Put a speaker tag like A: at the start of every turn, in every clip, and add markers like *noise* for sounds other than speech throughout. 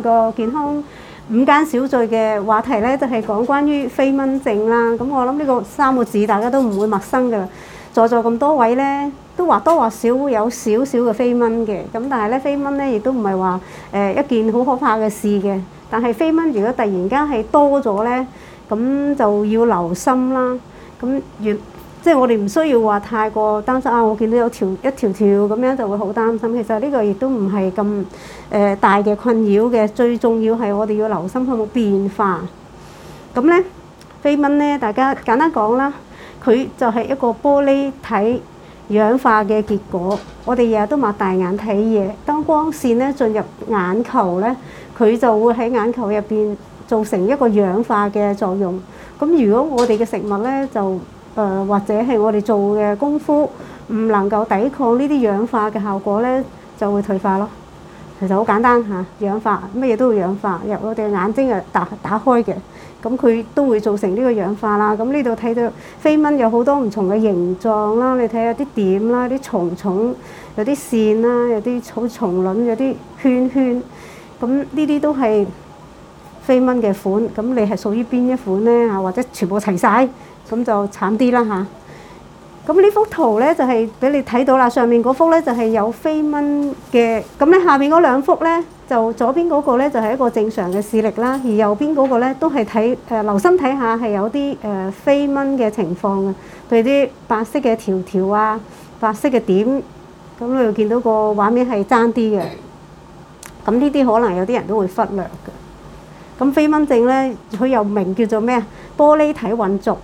A: 個健康午間小聚嘅話題咧，就係講關於飛蚊症啦。咁我諗呢個三個字大家都唔會陌生㗎喇。在座咁多位咧，都或多或少有少少嘅飛蚊嘅。咁但係咧，飛蚊咧亦都唔係話誒一件好可怕嘅事嘅。但係飛蚊如果突然間係多咗咧，咁就要留心啦。咁越即係我哋唔需要話太過擔心啊！我見到有條一條條咁樣就會好擔心。其實呢個亦都唔係咁誒大嘅困擾嘅。最重要係我哋要留心佢冇變化。咁咧飛蚊咧，大家簡單講啦，佢就係一個玻璃體氧化嘅結果。我哋日日都擘大眼睇嘢，當光線咧進入眼球咧，佢就會喺眼球入邊造成一個氧化嘅作用。咁如果我哋嘅食物咧就誒或者係我哋做嘅功夫唔能夠抵抗呢啲氧化嘅效果呢，就會退化咯。其實好簡單嚇，氧化乜嘢都會氧化，入我哋眼睛係打打開嘅，咁佢都會造成呢個氧化啦。咁呢度睇到飛蚊有好多唔同嘅形狀啦，你睇下啲點啦，啲蟲蟲有啲線啦，有啲草蟲卵，有啲圈圈，咁呢啲都係飛蚊嘅款。咁你係屬於邊一款呢？嚇，或者全部齊晒。咁就慘啲啦嚇。咁呢幅圖咧就係俾你睇到啦。上面嗰幅咧就係有飛蚊嘅。咁咧下面嗰兩幅咧，就左邊嗰個咧就係一個正常嘅視力啦，而右邊嗰個咧都係睇誒，留心睇下係有啲誒飛蚊嘅情況啊，對啲白色嘅條條啊，白色嘅點，咁你又見到個畫面係爭啲嘅。咁呢啲可能有啲人都會忽略嘅。咁飛蚊症咧，佢又名叫做咩啊？玻璃體混濁。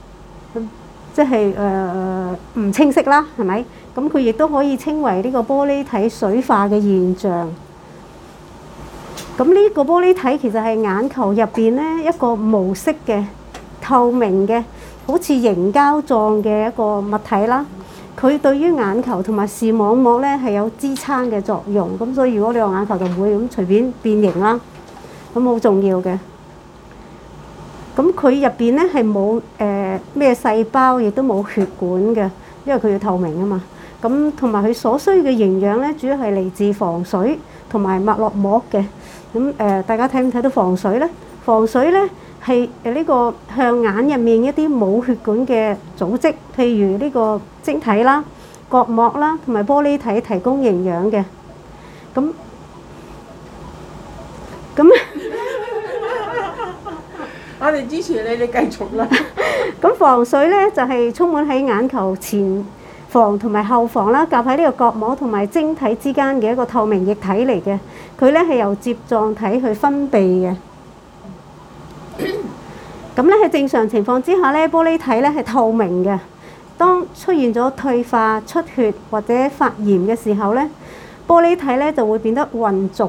A: 即係誒唔清晰啦，係咪？咁佢亦都可以稱為呢個玻璃體水化嘅現象。咁呢個玻璃體其實係眼球入邊咧一個模式嘅透明嘅，好似凝膠狀嘅一個物體啦。佢對於眼球同埋視網膜咧係有支撐嘅作用。咁所以如果你個眼球就唔會咁隨便變形啦。咁好重要嘅。咁佢入邊咧係冇誒咩細胞，亦都冇血管嘅，因為佢要透明啊嘛。咁同埋佢所需嘅營養咧，主要係嚟自房水同埋脈絡膜嘅。咁誒，大家睇唔睇到房水咧？房水咧係誒呢個向眼入面一啲冇血管嘅組織，譬如呢個晶體啦、角膜啦同埋玻璃體提供營養嘅。咁咁咧？我哋支持你，你繼續啦。咁，房水咧就係充滿喺眼球前房同埋後房啦，夾喺呢個角膜同埋晶體之間嘅一個透明液體嚟嘅。佢咧係由睫狀體去分泌嘅。咁咧喺正常情況之下咧，玻璃體咧係透明嘅。當出現咗退化、出血或者發炎嘅時候咧，玻璃體咧就會變得混濁。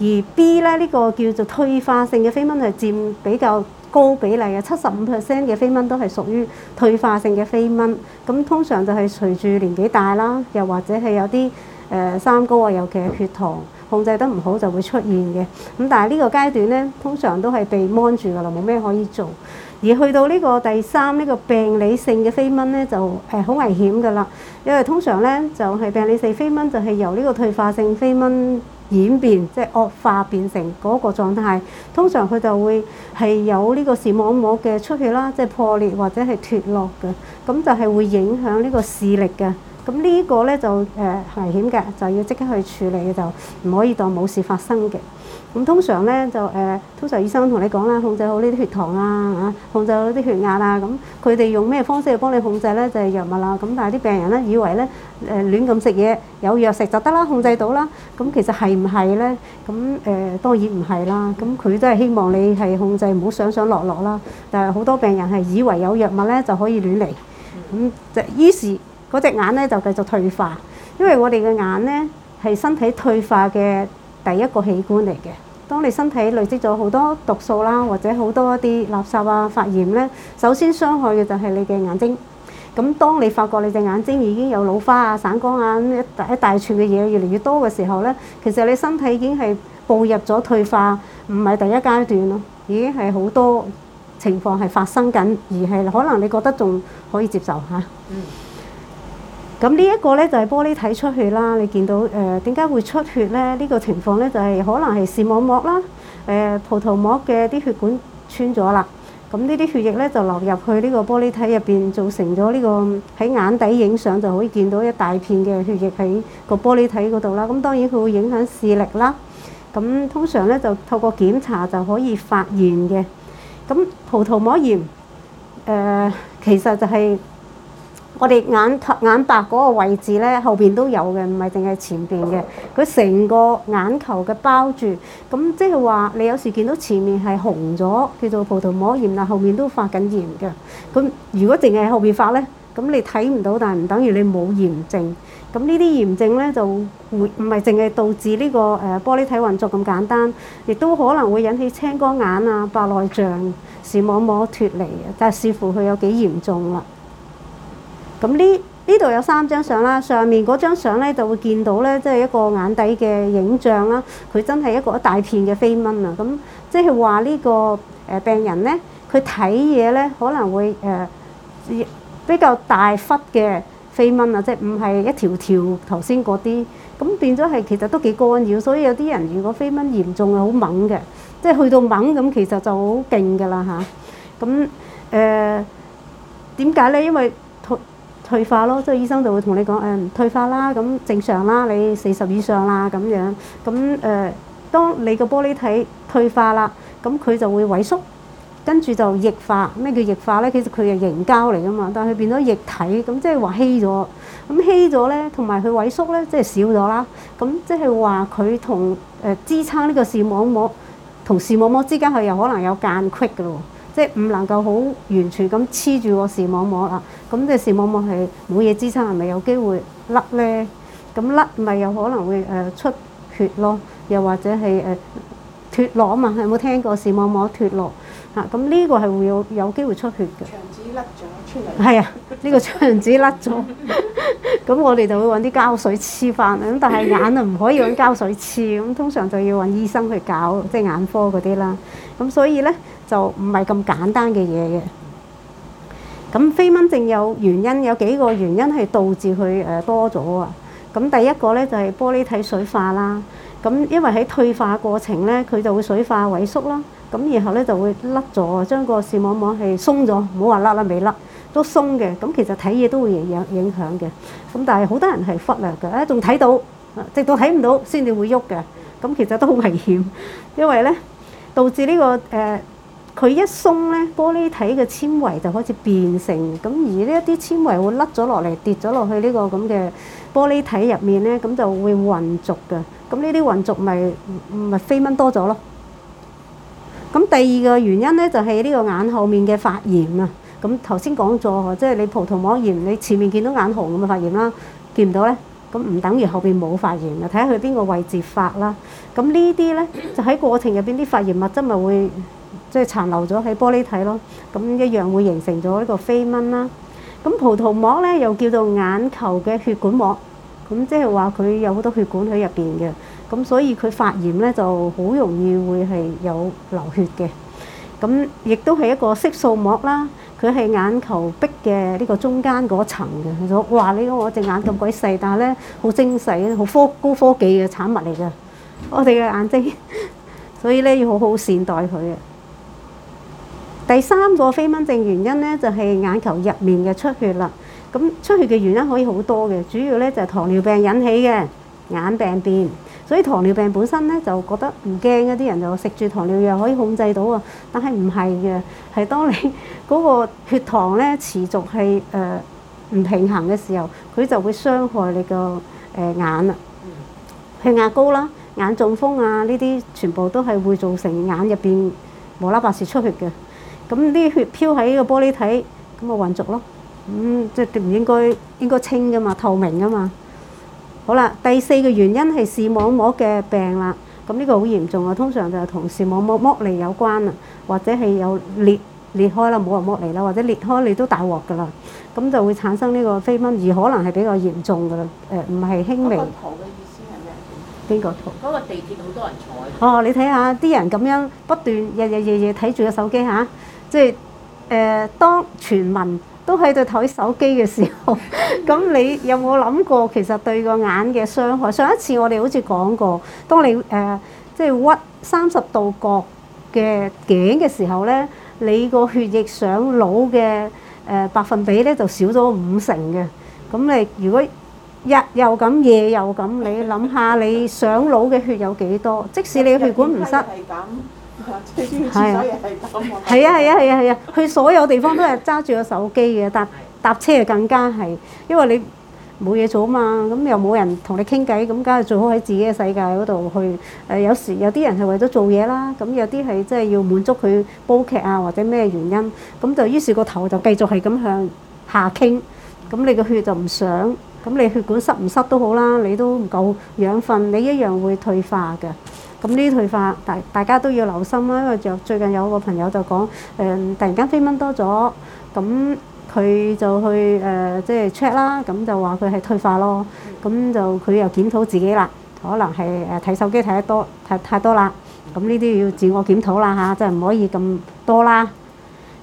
A: 而 B 咧呢、呢個叫做退化性嘅飛蚊，係佔比較高比例嘅，七十五 percent 嘅飛蚊都係屬於退化性嘅飛蚊。咁通常就係隨住年紀大啦，又或者係有啲誒、呃、三高啊，尤其係血糖控制得唔好就會出現嘅。咁但係呢個階段咧，通常都係被蒙住噶啦，冇咩可以做。而去到呢個第三呢、呢個病理性嘅飛蚊咧，就誒好危險噶啦，因為通常咧就係、是、病理性飛蚊就係由呢個退化性飛蚊。演變即係、就是、惡化變成嗰個狀態，通常佢就會係有呢個視網膜嘅出血啦，即、就是、破裂或者係脫落嘅，咁就係會影響呢個視力嘅。咁呢個咧就誒危險嘅，就要即刻去處理嘅，就唔可以當冇事發生嘅。咁通常咧就誒，通常醫生同你講啦，控制好呢啲血糖啊嚇，控制好啲血壓啊。咁佢哋用咩方式去幫你控制咧？就係、是、藥物啦。咁但係啲病人咧以為咧誒亂咁食嘢，有藥食就得啦，控制到啦。咁其實係唔係咧？咁誒、呃、當然唔係啦。咁佢都係希望你係控制，唔好上上落落啦。但係好多病人係以為有藥物咧就可以亂嚟，咁就於是。嗰隻眼咧就繼續退化，因為我哋嘅眼咧係身體退化嘅第一個器官嚟嘅。當你身體累積咗好多毒素啦，或者好多一啲垃圾啊、發炎咧，首先傷害嘅就係你嘅眼睛。咁當你發覺你隻眼睛已經有老花啊、散光啊，一大一大串嘅嘢越嚟越多嘅時候咧，其實你身體已經係步入咗退化，唔係第一階段咯，已經係好多情況係發生緊，而係可能你覺得仲可以接受吓。嗯咁呢一個咧就係玻璃體出血啦，你見到誒點解會出血咧？呢個情況咧就係可能係視網膜啦，誒葡萄膜嘅啲血管穿咗啦，咁呢啲血液咧就流入去呢個玻璃體入邊，造成咗呢個喺眼底影相就可以見到一大片嘅血液喺個玻璃體嗰度啦。咁當然佢會影響視力啦。咁通常咧就透過檢查就可以發現嘅。咁葡萄膜炎誒其實就係。我哋眼，眼白眼白嗰個位置咧，後邊都有嘅，唔係淨係前邊嘅。佢成個眼球嘅包住，咁即係話你有時見到前面係紅咗，叫做葡萄膜炎啦，後面都發緊炎嘅。咁如果淨係後面發咧，咁你睇唔到，但係唔等於你冇炎症。咁呢啲炎症咧就會唔係淨係導致呢個誒玻璃體混濁咁簡單，亦都可能會引起青光眼啊、白內障、視網膜脫離啊，但係視乎佢有幾嚴重啦。咁呢呢度有三張相啦，上面嗰張相咧就會見到咧，即係一個眼底嘅影像啦。佢真係一個一大片嘅飛蚊啊！咁即係話呢個誒病人咧，佢睇嘢咧可能會誒比較大忽嘅飛蚊啊，即係唔係一條條頭先嗰啲，咁變咗係其實都幾干擾。所以有啲人如果飛蚊嚴重係好猛嘅，即係去到猛咁，其實就好勁噶啦嚇。咁誒點解咧？因為退化咯，即係醫生就會同你講誒退化啦，咁正常啦，你四十以上啦咁樣，咁誒，當你個玻璃體退化啦，咁佢就會萎縮，跟住就液化。咩叫液化咧？其實佢係凝膠嚟噶嘛，但係佢變咗液體，咁即係話稀咗。咁稀咗咧，同埋佢萎縮咧，即係少咗啦。咁即係話佢同誒支撐呢個視網膜同視網膜之間係有可能有間隙噶咯。即係唔能夠好完全咁黐住個視網膜啦，咁即係視網膜係冇嘢支撐，係咪有機會甩咧？咁甩咪有可能會誒出血咯，又或者係誒脫落啊嘛？有冇聽過視網膜脫落啊？咁呢個係會有有機會出血嘅。腸子甩咗出嚟。係啊，呢個腸子甩咗，咁我哋就會揾啲膠水黐翻。咁但係眼啊唔可以揾膠水黐，咁通常就要揾醫生去搞，即係眼科嗰啲啦。咁所以咧。就唔係咁簡單嘅嘢嘅。咁飛蚊症有原因，有幾個原因係導致佢誒多咗啊。咁第一個咧就係玻璃體水化啦。咁因為喺退化過程咧，佢就會水化萎縮啦。咁然後咧就會甩咗，將個視網膜係鬆咗，唔好話甩啦，未甩，都鬆嘅。咁其實睇嘢都會影影響嘅。咁但係好多人係忽略嘅，誒仲睇到，直到睇唔到先至會喐嘅。咁其實都好危險，因為咧導致呢個誒。佢一鬆咧，玻璃體嘅纖維就開始變成咁，而呢一啲纖維會甩咗落嚟，跌咗落去呢個咁嘅玻璃體入面咧，咁就會混濁嘅。咁呢啲混濁咪咪飛蚊多咗咯。咁第二個原因咧就係呢個眼後面嘅發炎啊。咁頭先講咗，即係你葡萄膜炎，你前面見到眼紅咁嘅發炎啦，見唔到咧？咁唔等於後邊冇發炎啊？睇下佢邊個位置發啦。咁呢啲咧就喺過程入邊啲發炎物質咪會。即係殘留咗喺玻璃體咯，咁一樣會形成咗呢個飛蚊啦。咁葡萄膜咧又叫做眼球嘅血管膜，咁即係話佢有好多血管喺入邊嘅，咁所以佢發炎咧就好容易會係有流血嘅。咁亦都係一個色素膜啦，佢係眼球壁嘅呢個中間嗰層嘅。哇！你講我隻眼咁鬼細，但係咧好精細、好科高科技嘅產物嚟嘅，我哋嘅眼睛，所以咧要好好善待佢啊！第三個飛蚊症原因咧，就係眼球入面嘅出血啦。咁出血嘅原因可以好多嘅，主要咧就係糖尿病引起嘅眼病變。所以糖尿病本身咧就覺得唔驚嘅啲人就食住糖尿藥可以控制到啊，但係唔係嘅，係當你嗰個血糖咧持續係誒唔平衡嘅時候，佢就會傷害你個誒眼啦。血壓高啦、眼中風啊，呢啲全部都係會造成眼入邊無啦白事出血嘅。咁啲血漂喺個玻璃體，咁啊混濁咯。咁即係唔應該應該清噶嘛，透明噶嘛。好啦，第四個原因係視網膜嘅病啦。咁呢個好嚴重啊，通常就同視網膜剝離有關啦，或者係有裂裂開啦，冇話剝離啦，或者裂開你都大鑊噶啦。咁就會產生呢個飛蚊，而可能係比較嚴重噶啦。誒，唔係輕微。圖嘅意思係咩？邊個圖？嗰個地鐵好多人坐喺度。哦，你睇下啲人咁樣不斷日日夜夜睇住個手機嚇。即係誒，當全民都喺度睇手機嘅時候，咁你有冇諗過其實對個眼嘅傷害？上一次我哋好似講過，當你誒即係屈三十度角嘅頸嘅時候咧，你個血液上腦嘅誒百分比咧就少咗五成嘅。咁你如果日又咁，夜又咁，你諗下你上腦嘅血有幾多？即使你血管唔塞，係咁。係啊，係啊，係啊，係啊！去所有地方都係揸住個手機嘅，搭搭車又更加係，因為你冇嘢做啊嘛，咁又冇人同你傾偈，咁梗係最好喺自己嘅世界嗰度去。誒，有時有啲人係為咗做嘢啦，咁有啲係真係要滿足佢煲劇啊，或者咩原因，咁就於是個頭就繼續係咁向下傾，咁你個血就唔上，咁你血管塞唔塞都好啦，你都唔夠養分，你一樣會退化嘅。咁呢啲退化，大大家都要留心啦。因為就最近有個朋友就講，誒，突然間飛蚊多咗，咁佢就去誒即係 check 啦，咁就話佢係退化咯。咁就佢又檢討自己啦，可能係誒睇手機睇得多，太太多啦。咁呢啲要自我檢討啦嚇，即係唔可以咁多啦。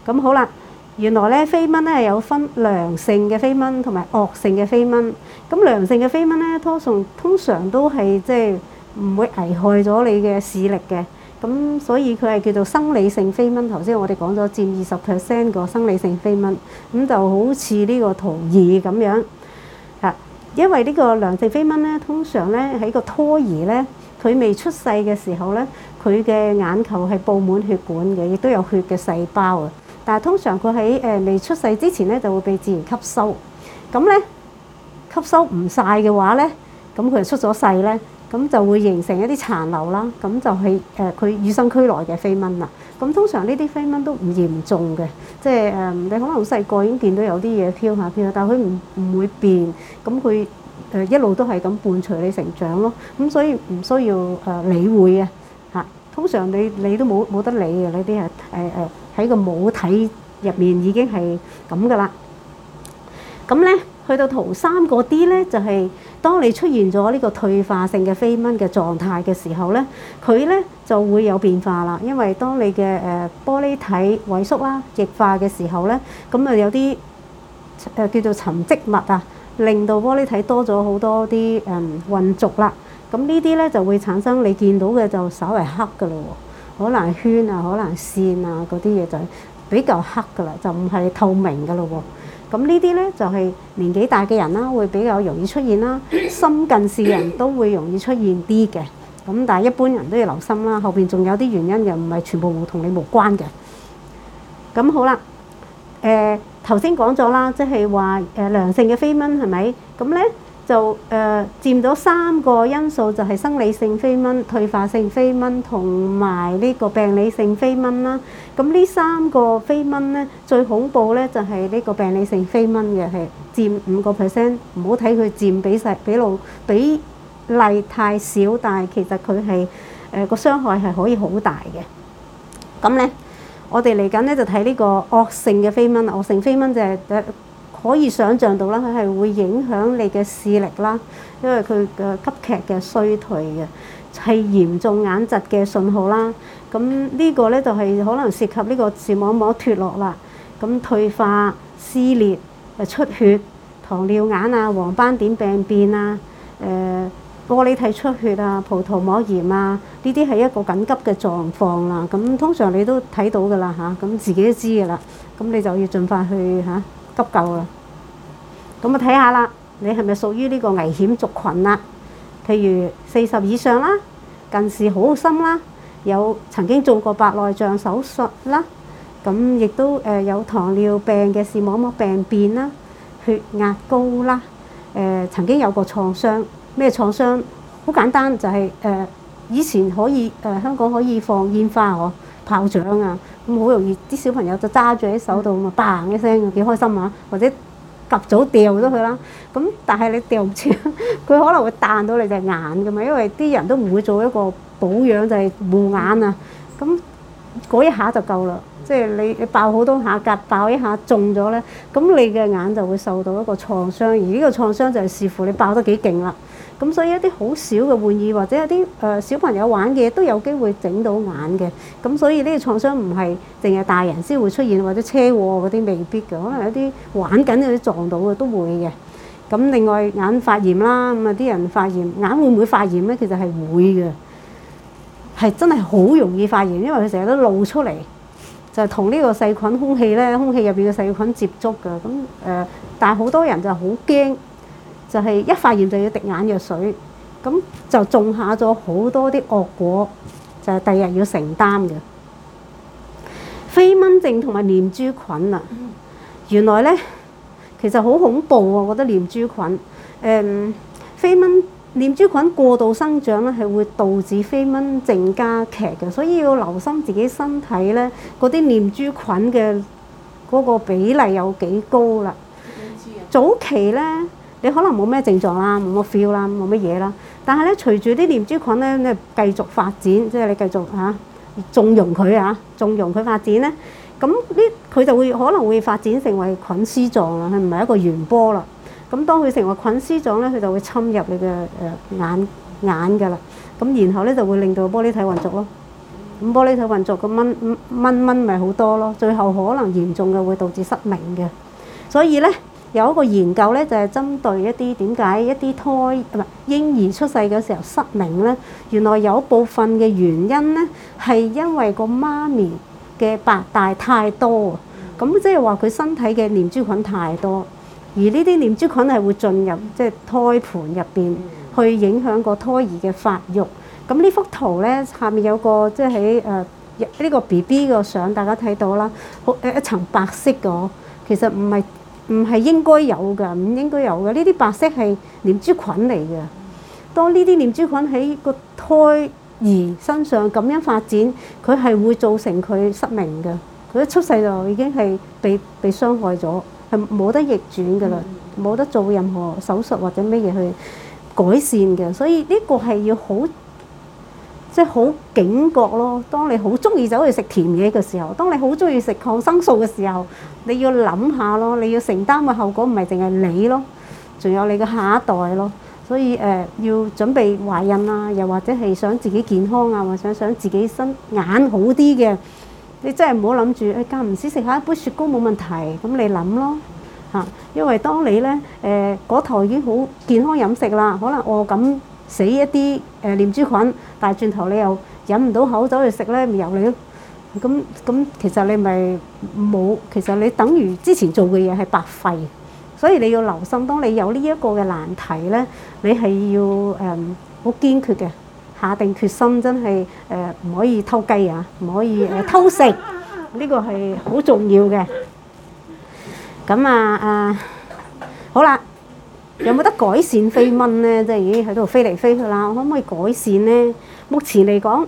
A: 咁好啦，原來咧飛蚊咧係有分良性嘅飛蚊同埋惡性嘅飛蚊。咁良性嘅飛蚊咧，通常都係即係。就是唔會危害咗你嘅視力嘅，咁所以佢係叫做生理性飛蚊。頭先我哋講咗佔二十 percent 個生理性飛蚊，咁就好似呢個圖二咁樣啊。因為呢個良性飛蚊咧，通常咧喺個胎兒咧，佢未出世嘅時候咧，佢嘅眼球係布滿血管嘅，亦都有血嘅細胞啊。但係通常佢喺誒未出世之前咧，就會被自然吸收。咁咧吸收唔晒嘅話咧，咁佢出咗世咧。咁就會形成一啲殘留啦，咁就係誒佢與生俱來嘅飛蚊啦。咁通常呢啲飛蚊都唔嚴重嘅，即係誒你可能好細個已經見到有啲嘢飄下飄，但係佢唔唔會變，咁佢誒一路都係咁伴隨你成長咯。咁所以唔需要誒理會啊。嚇，通常你你都冇冇得理嘅，呢啲係誒誒喺個母體入面已經係咁噶啦。咁咧去到圖三嗰啲咧就係。當你出現咗呢個退化性嘅飛蚊嘅狀態嘅時候呢，佢呢就會有變化啦。因為當你嘅誒玻璃體萎縮啦，液化嘅時候呢，咁啊有啲誒叫做沉積物啊，令到玻璃體多咗好多啲誒混濁啦。咁呢啲呢就會產生你見到嘅就稍微黑噶咯，可能圈啊，可能線啊嗰啲嘢就比較黑噶啦，就唔係透明噶咯。咁呢啲咧就係年紀大嘅人啦，會比較容易出現啦，深近視人都會容易出現啲嘅。咁但係一般人都要留心啦，後面仲有啲原因又唔係全部同你無關嘅。咁好啦，誒頭先講咗啦，即係話良性嘅飛蚊係咪？咁咧。就誒佔咗三個因素，就係、是、生理性飛蚊、退化性飛蚊同埋呢個病理性飛蚊啦。咁呢三個飛蚊咧，最恐怖咧就係呢個病理性飛蚊嘅，係佔五個 percent。唔好睇佢佔比細比率比例太少，但係其實佢係誒個傷害係可以好大嘅。咁咧，我哋嚟緊咧就睇呢個惡性嘅飛蚊啊！惡性飛蚊就係、是可以想像到啦，佢係會影響你嘅視力啦，因為佢嘅急劇嘅衰退嘅係嚴重眼疾嘅信號啦。咁呢個呢，就係可能涉及呢個視網膜脫落啦，咁退化、撕裂、出血、糖尿眼啊、黃斑點病變啊、誒玻璃體出血啊、葡萄膜炎啊，呢啲係一個緊急嘅狀況啦。咁通常你都睇到噶啦吓，咁自己都知噶啦，咁你就要盡快去吓。急救啦！咁啊睇下啦，你係咪屬於呢個危險族群啦？譬如四十以上啦，近視好深啦，有曾經做過白內障手術啦，咁亦都有糖尿病嘅視網膜病變啦，血壓高啦，曾經有過創傷，咩創傷？好簡單就係誒以前可以香港可以放煙花炮仗啊，咁好容易啲小朋友就揸住喺手度咁啊，嘭一聲啊，幾開心啊！或者及早掉咗佢啦，咁但係你掉咗佢，可能會彈到你隻眼噶嘛，因為啲人都唔會做一個保養就係、是、護眼啊，咁嗰一下就夠啦。即係你你爆好多下，夾爆一下中咗咧，咁你嘅眼就會受到一個創傷，而呢個創傷就係視乎你爆得幾勁啦。咁所以一啲好少嘅玩意，或者一啲誒小朋友玩嘅嘢都有機會整到眼嘅。咁所以呢個創傷唔係淨係大人先會出現，或者車禍嗰啲未必嘅，可能有啲玩緊嗰啲撞到嘅都會嘅。咁另外眼發炎啦，咁啊啲人發炎，眼會唔會發炎咧？其實係會嘅，係真係好容易發炎，因為佢成日都露出嚟。就同呢個細菌空氣咧，空氣入邊嘅細菌接觸嘅，咁誒，但係好多人就好驚，就係、是、一發現就要滴眼藥水，咁就種下咗好多啲惡果，就係第日要承擔嘅。飛蚊症同埋念珠菌啊，原來咧其實好恐怖啊，我覺得念珠菌，誒飛蚊。念珠菌過度生長咧，係會導致飛蚊症加劇嘅，所以要留心自己身體咧嗰啲念珠菌嘅嗰個比例有幾高啦。早期咧，你可能冇咩症狀啦，冇乜 feel 啦，冇乜嘢啦。但係咧，隨住啲念珠菌咧，你繼續發展，即係你繼續嚇縱容佢呀，縱容佢發展咧，咁呢佢就會可能會發展成為菌絲狀啦，佢唔係一個圓波啦。咁當佢成為菌絲狀咧，佢就會侵入你嘅誒眼眼㗎啦。咁然後咧就會令到玻璃體混濁咯。咁玻璃體混濁個蚊蚊蚊咪好多咯。最後可能嚴重嘅會導致失明嘅。所以咧，有一個研究咧，就係針對一啲點解一啲胎唔係嬰兒出世嘅時候失明咧，原來有部分嘅原因咧係因為個媽咪嘅白帶太多啊。咁即係話佢身體嘅念珠菌太多。而呢啲念珠菌係會進入即係、就是、胎盤入邊，去影響個胎兒嘅發育。咁呢幅圖咧，下面有個即係誒呢個 B B 個相，大家睇到啦。好誒，一層白色嘅，其實唔係唔係應該有嘅，唔應該有嘅。呢啲白色係念珠菌嚟嘅。當呢啲念珠菌喺個胎兒身上咁樣發展，佢係會造成佢失明嘅。佢一出世就已經係被被傷害咗。係冇得逆轉嘅啦，冇得做任何手術或者乜嘢去改善嘅，所以呢個係要好即係好警覺咯。當你好中意走去食甜嘢嘅時候，當你好中意食抗生素嘅時候，你要諗下咯，你要承擔嘅後果唔係淨係你咯，仲有你嘅下一代咯。所以誒，要準備懷孕啊，又或者係想自己健康啊，或想想自己身眼好啲嘅。你真係唔好諗住，誒間唔時食下一杯雪糕冇問題。咁你諗咯嚇。因為當你咧誒嗰頭已經好健康飲食啦，可能我咁死一啲誒念珠菌，但係轉頭你又忍唔到口，走去食咧由你咁咁，其實你咪冇，其實你等於之前做嘅嘢係白費。所以你要留心，當你有呢一個嘅難題咧，你係要誒好、嗯、堅決嘅。下定決心真係誒唔可以偷雞啊，唔可以誒偷食，呢個係好重要嘅。咁啊啊，好啦，有冇得改善飛蚊咧？已經喺度飛嚟飛去啦，可唔可以改善咧？目前嚟講，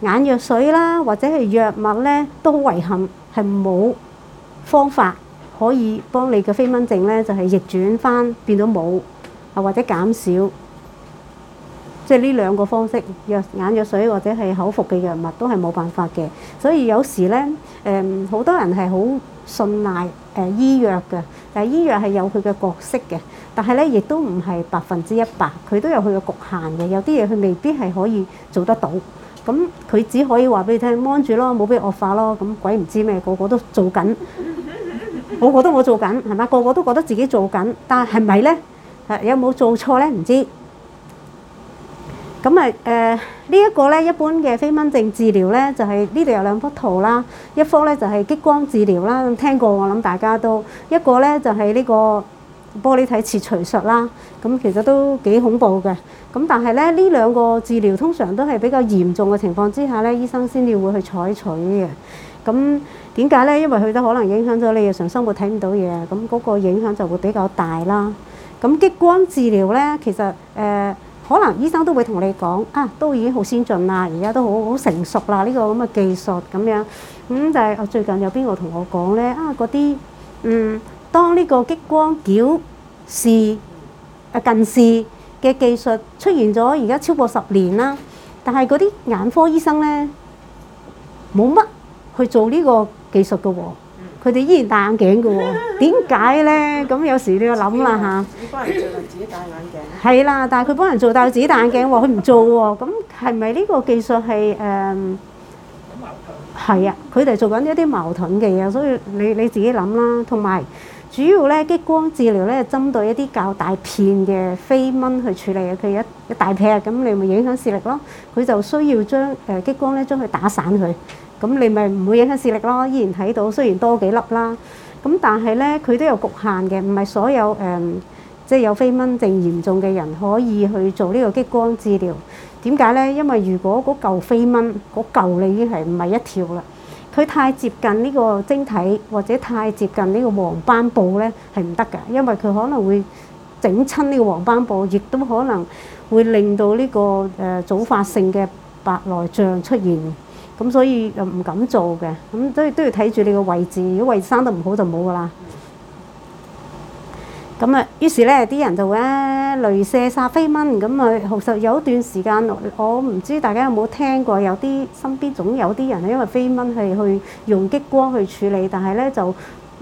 A: 眼藥水啦，或者係藥物咧，都好遺憾係冇方法可以幫你嘅飛蚊症咧，就係逆轉翻變到冇啊，或者減少。即係呢兩個方式，藥眼藥水或者係口服嘅藥物都係冇辦法嘅。所以有時咧，誒、嗯、好多人係好信賴誒醫藥嘅，但係醫藥係有佢嘅角色嘅，但係咧亦都唔係百分之一百，佢都有佢嘅局限嘅。有啲嘢佢未必係可以做得到。咁佢只可以話俾你聽，望住咯，冇俾惡化咯。咁鬼唔知咩，個個都做緊，個個都我做緊，係嘛？個個都覺得自己做緊，但係咪係咧？誒有冇做錯咧？唔知。咁誒誒呢一個咧，一般嘅飛蚊症治療咧，就係呢度有兩幅圖啦。一幅咧就係激光治療啦，聽過我諗大家都一個咧就係呢個玻璃體切除術啦。咁其實都幾恐怖嘅。咁但係咧呢兩個治療通常都係比較嚴重嘅情況之下咧，醫生先至會去採取嘅。咁點解咧？因為佢都可能影響咗你日常生活睇唔到嘢，咁嗰個影響就會比較大啦。咁激光治療咧，其實誒。可能醫生都會同你講啊，都已經好先進啦，而家都好好成熟啦，呢個咁嘅技術咁樣。咁但係我最近有邊個同我講咧啊，嗰啲嗯，當呢個激光矯視啊近視嘅技術出現咗，而家超過十年啦。但係嗰啲眼科醫生咧冇乜去做呢個技術嘅喎。佢哋依然戴眼鏡㗎喎，點解咧？咁有時你要諗啦嚇，自己幫人做但自己戴眼鏡，係啦，但係佢幫人做但自己戴眼鏡喎，佢唔做喎，咁係咪呢個技術係誒？矛盾係啊，佢哋做緊一啲矛盾嘅嘢，所以你你自己諗啦。同埋主要咧，激光治療咧，針對一啲較大片嘅飛蚊去處理啊，佢一一大片咁，你咪影響視力咯。佢就需要將誒激光咧，將佢打散佢。咁你咪唔會影響視力咯，依然睇到，雖然多幾粒啦。咁但係咧，佢都有局限嘅，唔係所有誒，即係有飛蚊症嚴重嘅人可以去做呢個激光治療。點解咧？因為如果嗰嚿飛蚊嗰嚿，你已經係唔係一條啦？佢太接近呢個晶體，或者太接近呢個黃斑部咧，係唔得㗎，因為佢可能會整親呢個黃斑部，亦都可能會令到呢個誒早發性嘅白內障出現。咁所以又唔敢做嘅，咁都都要睇住你個位置。如果位置生得唔好就冇噶啦。咁啊，於是咧啲人就會雷射殺飛蚊，咁啊，其實有一段時間我唔知大家有冇聽過，有啲身邊總有啲人係因為飛蚊係去用激光去處理，但係咧就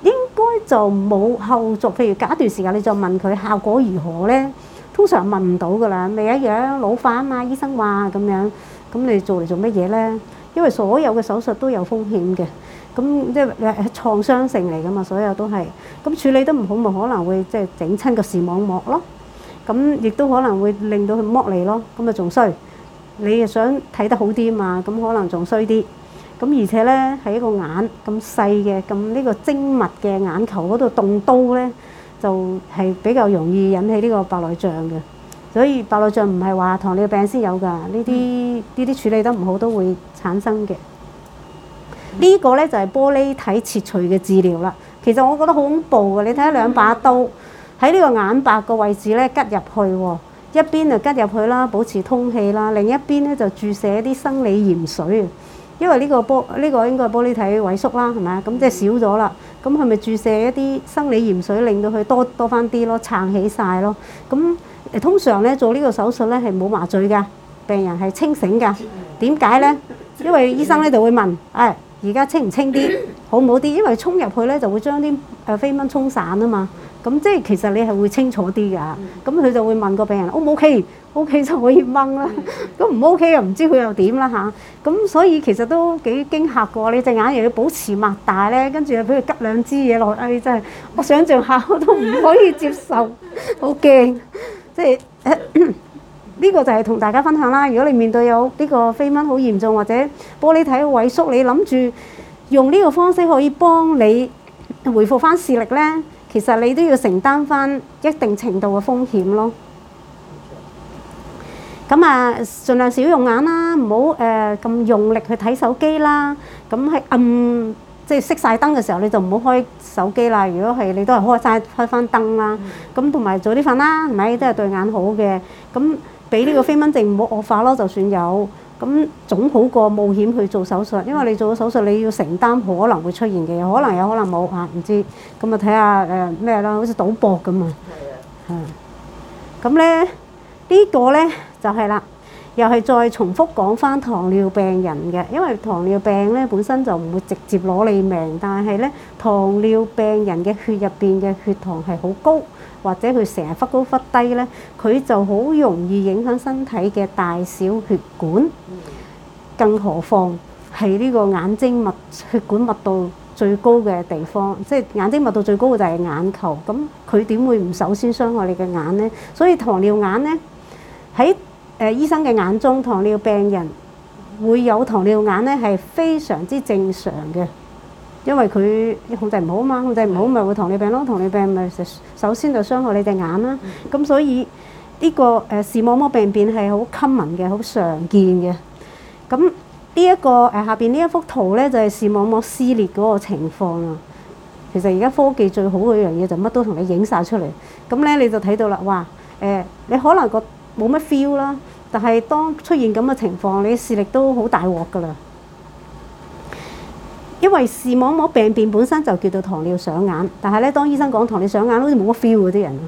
A: 應該就冇後續。譬如隔一段時間你就問佢效果如何咧，通常問唔到噶啦，咪一樣老化啊嘛，醫生話咁樣，咁你做嚟做乜嘢咧？因為所有嘅手術都有風險嘅，咁即係誒誒創傷性嚟噶嘛，所有都係，咁處理得唔好，咪可能會即係整親個視網膜咯，咁亦都可能會令到佢剝離咯，咁咪仲衰，你又想睇得好啲嘛，咁可能仲衰啲，咁而且咧喺一個眼咁細嘅，咁呢個精密嘅眼球嗰度動刀咧，就係比較容易引起呢個白內障嘅。所以白內障唔係話糖尿病先有㗎，呢啲呢啲處理得唔好都會產生嘅。呢個呢就係玻璃體切除嘅治療啦。其實我覺得好恐怖㗎，你睇下兩把刀喺呢個眼白個位置呢，拮入去喎，一邊就拮入去啦，保持通氣啦，另一邊呢就注射一啲生理鹽水。因為呢個玻呢個應該係玻璃體萎縮啦，係咪啊？咁即係少咗啦，咁係咪注射一啲生理鹽水令到佢多多返啲咯，撐起晒咯，咁？通常咧做呢個手術咧係冇麻醉嘅，病人係清醒嘅。點解咧？因為醫生咧就會問：誒、哎，而家清唔清啲？好唔好啲？因為衝入去咧就會將啲誒飛蚊沖散啊嘛。咁即係其實你係會清楚啲㗎。咁佢就會問個病人：O 唔 O K？O K 就可以掹啦。咁唔 O K 又唔知佢又點啦嚇。咁、啊、所以其實都幾驚嚇㗎。你隻眼又要保持擘大咧，跟住又俾佢刉兩支嘢落去。哎真係我想像下我都唔可以接受，好驚。即係呢個就係同大家分享啦。如果你面對有呢個飛蚊好嚴重，或者玻璃體萎縮，你諗住用呢個方式可以幫你回復返視力呢，其實你都要承擔返一定程度嘅風險咯。咁啊，盡量少用眼啦，唔好誒咁用力去睇手機啦。咁係暗。即係熄晒燈嘅時候，你就唔好開手機啦。如果係你都係開晒開返燈啦，咁同埋早啲瞓啦，唔係，都係對眼好嘅。咁俾呢個飛蚊症唔好惡化咯，就算有，咁總好過冒險去做手術。因為你做咗手術，你要承擔可能會出現嘅，可能有，可能冇啊，唔知。咁啊睇下誒咩啦，好似賭博咁啊。係啊。嚇！咁咧呢個咧就係啦。又係再重複講翻糖尿病人嘅，因為糖尿病咧本身就唔會直接攞你命，但係咧糖尿病人嘅血入邊嘅血糖係好高，或者佢成日忽高忽低咧，佢就好容易影響身體嘅大小血管。更何況係呢個眼睛密血管密度最高嘅地方，即係眼睛密度最高嘅就係眼球，咁佢點會唔首先傷害你嘅眼咧？所以糖尿眼咧喺誒醫生嘅眼中糖尿病人會有糖尿眼咧，係非常之正常嘅，因為佢控制唔好啊嘛，控制唔好咪會糖尿病咯，糖尿病咪首先就傷害你隻眼啦。咁所以呢個誒視網膜病變係好 common 嘅，好常見嘅。咁呢一個誒下邊呢一幅圖咧，就係視網膜撕裂嗰個情況啊。其實而家科技最好嘅一樣嘢就乜都同你影曬出嚟。咁咧你就睇到啦，哇！誒你可能個冇乜 feel 啦，fe el，但係當出現咁嘅情況，你視力都好大鑊噶啦。因為視網膜病變本身就叫做糖尿上眼，但係咧，當醫生講糖尿上眼好似冇乜 feel 嗰啲人，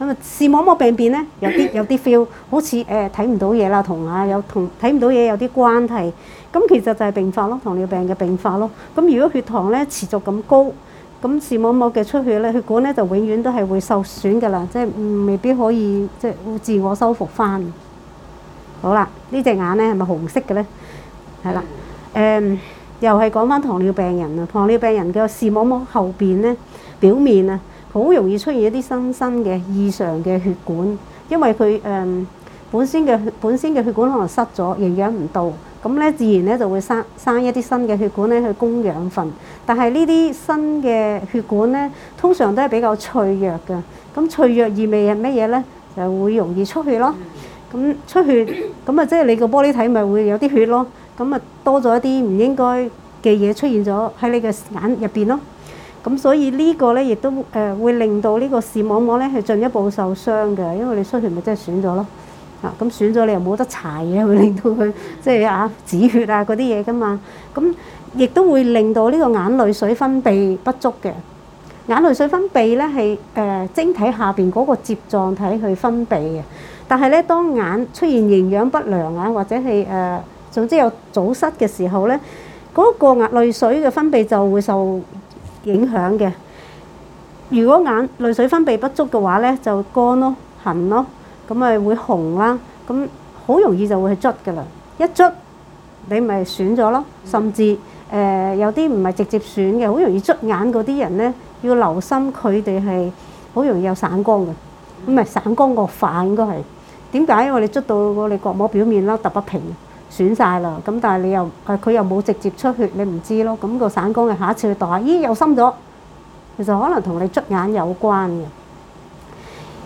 A: 咁啊視網膜病變咧有啲有啲 feel，好似誒睇唔到嘢啦，同啊有同睇唔到嘢有啲關係。咁其實就係併發咯，糖尿病嘅併發咯。咁如果血糖咧持續咁高。咁視網膜嘅出血咧，血管咧就永遠都係會受損㗎啦，即係未必可以即係自我修復翻。好啦，只呢隻眼咧係咪紅色嘅咧？係啦，嗯、又係講翻糖尿病人啊！糖尿病人嘅視網膜後面咧，表面啊，好容易出現一啲新生嘅異常嘅血管，因為佢、嗯、本身嘅本身嘅血管可能塞咗，營養唔到。咁咧，自然咧就會生生一啲新嘅血管咧去供養分，但係呢啲新嘅血管咧，通常都係比較脆弱嘅。咁脆弱意味係咩嘢咧？就會容易出血咯。咁出血，咁啊即係你個玻璃體咪會有啲血咯。咁啊多咗一啲唔應該嘅嘢出現咗喺你嘅眼入邊咯。咁所以這個呢個咧亦都誒會令到呢個視網膜咧去進一步受傷嘅，因為你出血咪即係損咗咯。咁損咗你又冇得搽嘢，令到佢即係啊止血啊嗰啲嘢㗎嘛，咁亦都會令到呢個眼淚水分泌不足嘅。眼淚水分泌咧係誒晶體下邊嗰個睫狀體去分泌嘅，但係咧當眼出現營養不良啊或者係誒總之有阻塞嘅時候咧，嗰個眼淚水嘅分泌就會受影響嘅。如果眼淚水分泌不足嘅話咧，就乾咯，痕咯。咁咪會紅啦，咁好容易就會去捽嘅啦。一捽你咪損咗咯，甚至誒有啲唔係直接損嘅，好容易捽眼嗰啲人咧，要留心佢哋係好容易有散光嘅，咁咪散光惡化應該係點解？因為我哋捽到我哋角膜表面啦，凸不平，損曬啦。咁但係你又誒佢又冇直接出血，你唔知咯。咁個散光係下一次去度下，咦又深咗，其實可能同你捽眼有關嘅。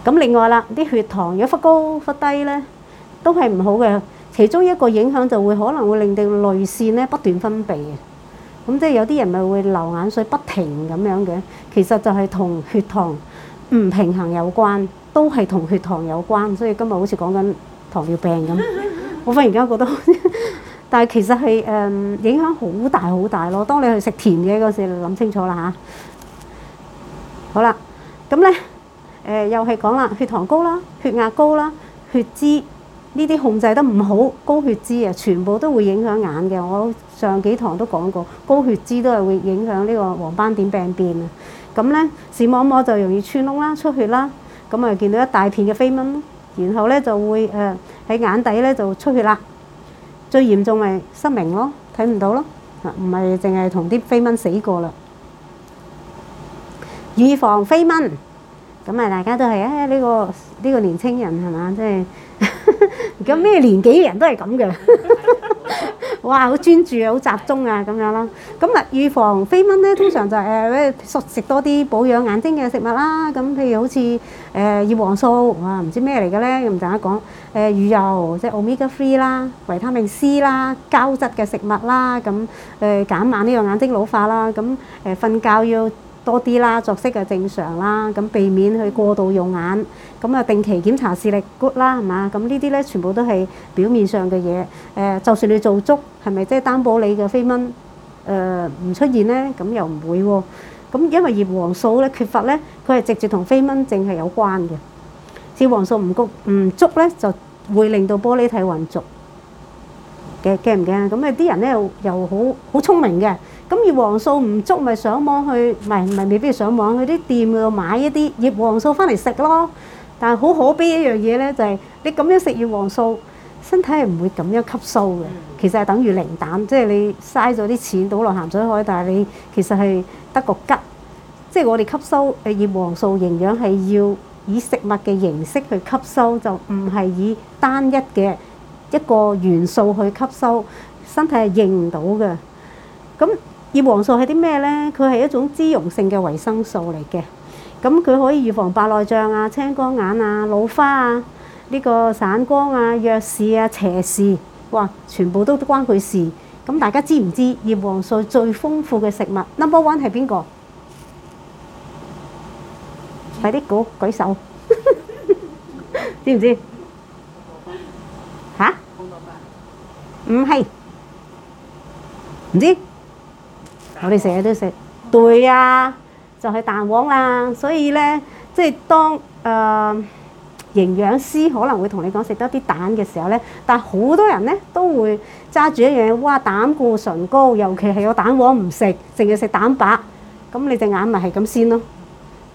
A: 咁另外啦，啲血糖如果忽高忽低咧，都係唔好嘅。其中一個影響就會可能會令到淚腺咧不斷分泌嘅。咁即係有啲人咪會流眼水不停咁樣嘅。其實就係同血糖唔平衡有關，都係同血糖有關。所以今日好似講緊糖尿病咁，我忽然間覺得，但係其實係誒影響好大好大咯。當你去食甜嘢嗰時，你諗清楚啦嚇。好啦，咁咧。誒又係講啦，血糖高啦，血壓高啦，血脂呢啲控制得唔好，高血脂啊，全部都會影響眼嘅。我上幾堂都講過，高血脂都係會影響呢個黃斑點病變啊。咁咧，視網膜就容易穿窿啦、出血啦。咁啊，見到一大片嘅飛蚊，然後咧就會誒喺眼底咧就出血啦。最嚴重咪失明咯，睇唔到咯。唔係淨係同啲飛蚊死過啦。預防飛蚊。咁啊，大家都係誒呢個呢個年青人係嘛，即係而家咩年紀嘅人都係咁嘅，哇！好專注啊，好集中啊，咁樣囉。咁啊，預防飛蚊咧，通常就係誒咩食多啲保養眼睛嘅食物啦。咁譬如好似誒葉黃素啊，唔知咩嚟嘅咧，一陣間講。誒魚油即係 omega three 啦，維他命 C 啦，膠質嘅食物啦，咁誒減慢呢個眼睛老化啦。咁誒瞓覺要。多啲啦，作息就正常啦，咁避免去過度用眼，咁啊定期檢查視力 good 啦，係嘛？咁呢啲咧全部都係表面上嘅嘢。誒，就算你做足，係咪即係擔保你嘅飛蚊誒唔出現咧？咁又唔會喎。咁因為葉黃素咧缺乏咧，佢係直接同飛蚊症係有關嘅。葉黃素唔夠唔足咧，就會令到玻璃體混濁嘅。驚唔驚啊？咁啊啲人咧又好好聰明嘅。咁葉黃素唔足，咪上網去，唔係，唔係，未必要上網去啲店度買一啲葉黃素翻嚟食咯。但係好可悲一樣嘢咧，就係你咁樣食葉黃素，身體係唔會咁樣吸收嘅。其實係等於零蛋，即係你嘥咗啲錢倒落鹹水海。但係你其實係得個吉，即係我哋吸收誒葉黃素營養係要以食物嘅形式去吸收，就唔係以單一嘅一個元素去吸收，身體係認唔到嘅。咁葉黃素係啲咩咧？佢係一種脂溶性嘅維生素嚟嘅，咁佢可以預防白內障啊、青光眼啊、老花啊、呢個散光啊、弱視啊、斜視，哇，全部都關佢事。咁大家知唔知葉黃素最豐富嘅食物？number one 係邊個？快啲估，舉手， *laughs* 知唔知？吓？唔 *noise* 係樂，唔知？我哋成日都食對啊，就係、是、蛋黃啦，所以咧，即係當誒、呃、營養師可能會同你講食多啲蛋嘅時候咧，但係好多人咧都會揸住一樣嘢，哇，膽固醇高，尤其係有蛋黃唔食，淨係食蛋白，咁你隻眼咪係咁先咯。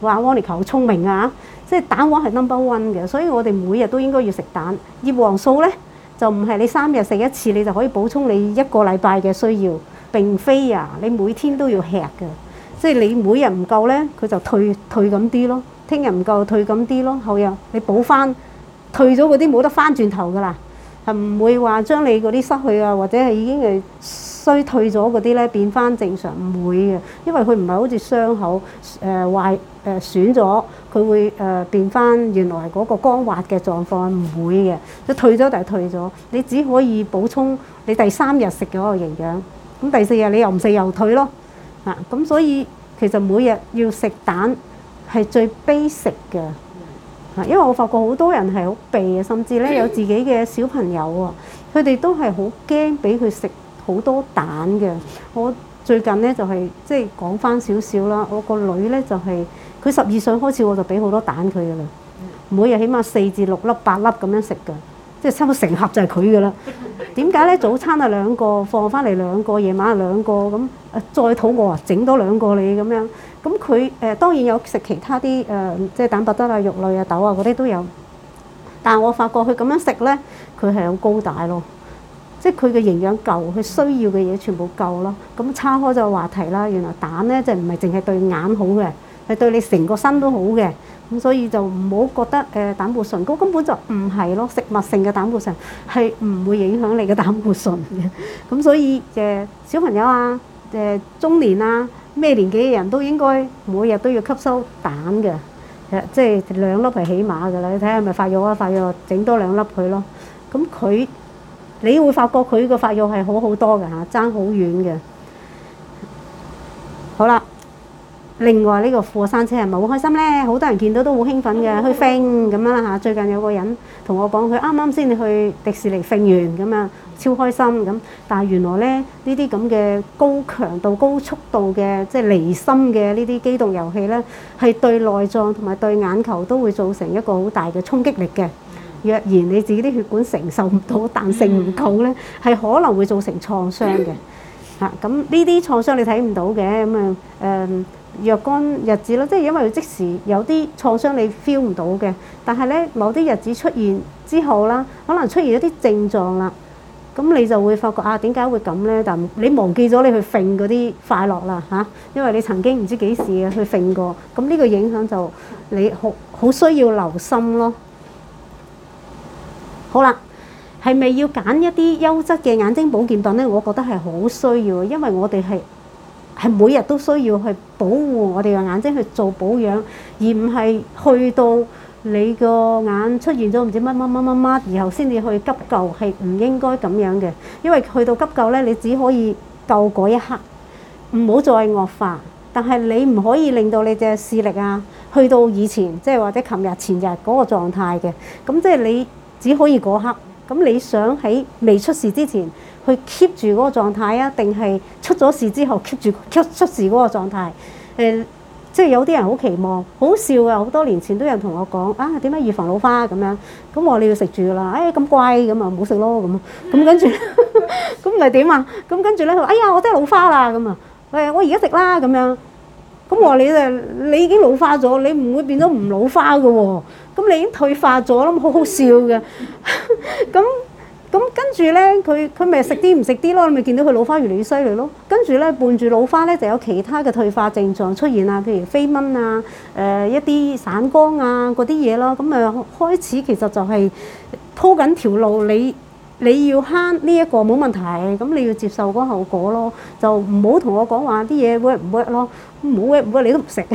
A: 哇，我眼窩尼球好聰明啊，即係蛋黃係 number one 嘅，所以我哋每日都應該要食蛋。葉黃素咧就唔係你三日食一次你就可以補充你一個禮拜嘅需要。並非啊！你每天都要吃嘅，即係你每日唔夠呢，佢就退退咁啲咯。聽日唔夠退咁啲咯，好呀！你補翻退咗嗰啲冇得翻轉頭噶啦，係唔會話將你嗰啲失去啊，或者係已經係衰退咗嗰啲呢，變翻正常，唔會嘅，因為佢唔係好似傷口誒、呃、壞誒損咗，佢會誒變翻原來嗰個光滑嘅狀況，唔會嘅。佢退咗就係退咗，你只可以補充你第三日食嘅嗰個營養。咁第四日你又唔食又退咯，啊咁所以其實每日要食蛋係最 basic 嘅，啊因為我發覺好多人係好避啊，甚至咧有自己嘅小朋友喎，佢哋都係好驚俾佢食好多蛋嘅。我最近咧就係、是、即係講翻少少啦，我個女咧就係佢十二歲開始我就俾好多蛋佢噶啦，每日起碼四至六粒八粒咁樣食嘅。即係差唔多成盒就係佢噶啦，點解咧？早餐啊兩個，放翻嚟兩個，夜晚啊兩個咁，誒再肚餓啊整多兩個你咁樣他。咁佢誒當然有食其他啲誒、呃，即係蛋白質啊、肉類啊、豆啊嗰啲都有。但係我發覺佢咁樣食咧，佢係好高大咯。即係佢嘅營養夠，佢需要嘅嘢全部夠咯。咁岔開咗話題啦，原來蛋咧就唔係淨係對眼好嘅。係對你成個身都好嘅，咁所以就唔好覺得誒膽固醇高，根本就唔係咯，食物性嘅膽固醇係唔會影響你嘅膽固醇嘅。咁所以誒小朋友啊、誒中年啊、咩年紀嘅人都應該每日都要吸收蛋嘅，即係兩粒係起碼㗎啦。你睇下咪發育啊發育，整多兩粒佢咯。咁佢你會發覺佢個發育係好好多㗎吓，爭好遠嘅。好啦。另外呢個過山車係咪好開心呢？好多人見到都好興奮嘅，去飛咁樣啦嚇。最近有個人同我講，佢啱啱先去迪士尼飛完咁樣，超開心咁。但係原來咧呢啲咁嘅高強度、高速度嘅即係離心嘅呢啲機動遊戲呢，係對內臟同埋對眼球都會造成一個好大嘅衝擊力嘅。若然你自己啲血管承受唔到、彈性唔夠呢，係可能會造成創傷嘅嚇。咁呢啲創傷你睇唔到嘅咁樣誒。嗯若干日子咯，即係因為即時有啲創傷你 feel 唔到嘅，但係呢，某啲日子出現之後啦，可能出現一啲症狀啦，咁你就會發覺啊，點解會咁呢？但你忘記咗你去揈嗰啲快樂啦嚇、啊，因為你曾經唔知幾時去揈過，咁呢個影響就你好好需要留心咯。好啦，係咪要揀一啲優質嘅眼睛保健品呢？我覺得係好需要的，因為我哋係。係每日都需要去保護我哋嘅眼睛去做保養，而唔係去到你個眼出現咗唔知乜乜乜乜乜，然後先至去急救，係唔應該咁樣嘅，因為去到急救呢，你只可以救嗰一刻，唔好再惡化。但係你唔可以令到你隻視力啊，去到以前即係或者琴日前日嗰個狀態嘅。咁即係你只可以嗰刻。咁你想喺未出事之前？去 keep 住嗰個狀態啊？定係出咗事之後 keep 住出事嗰個狀態？誒，即係、嗯就是、有啲人好期望，好笑嘅。好多年前都有人同我講：啊，點解預防老花咁樣？咁我話你要食住啦。誒，咁乖咁啊，唔好食咯咁。咁跟住，咁咪點啊？咁跟住咧，哎呀，我真係老花啦咁啊！誒，我而家食啦咁樣。咁我話你誒，你已經老化咗，你唔會變咗唔老花嘅喎。咁你已經退化咗啦，咁好好笑嘅。咁。咁跟住咧，佢佢咪食啲唔食啲咯，咪見到佢老花越嚟越犀利咯。跟住咧，伴住老花咧，就有其他嘅退化症狀出現啊，譬如飛蚊啊、誒、呃、一啲散光啊嗰啲嘢咯。咁啊，咪開始其實就係鋪緊條路你。你要慳呢一個冇問題，咁你要接受嗰個後果咯，就唔好同我講話啲嘢 work 唔 work 咯，唔 work 唔 work 你都唔食，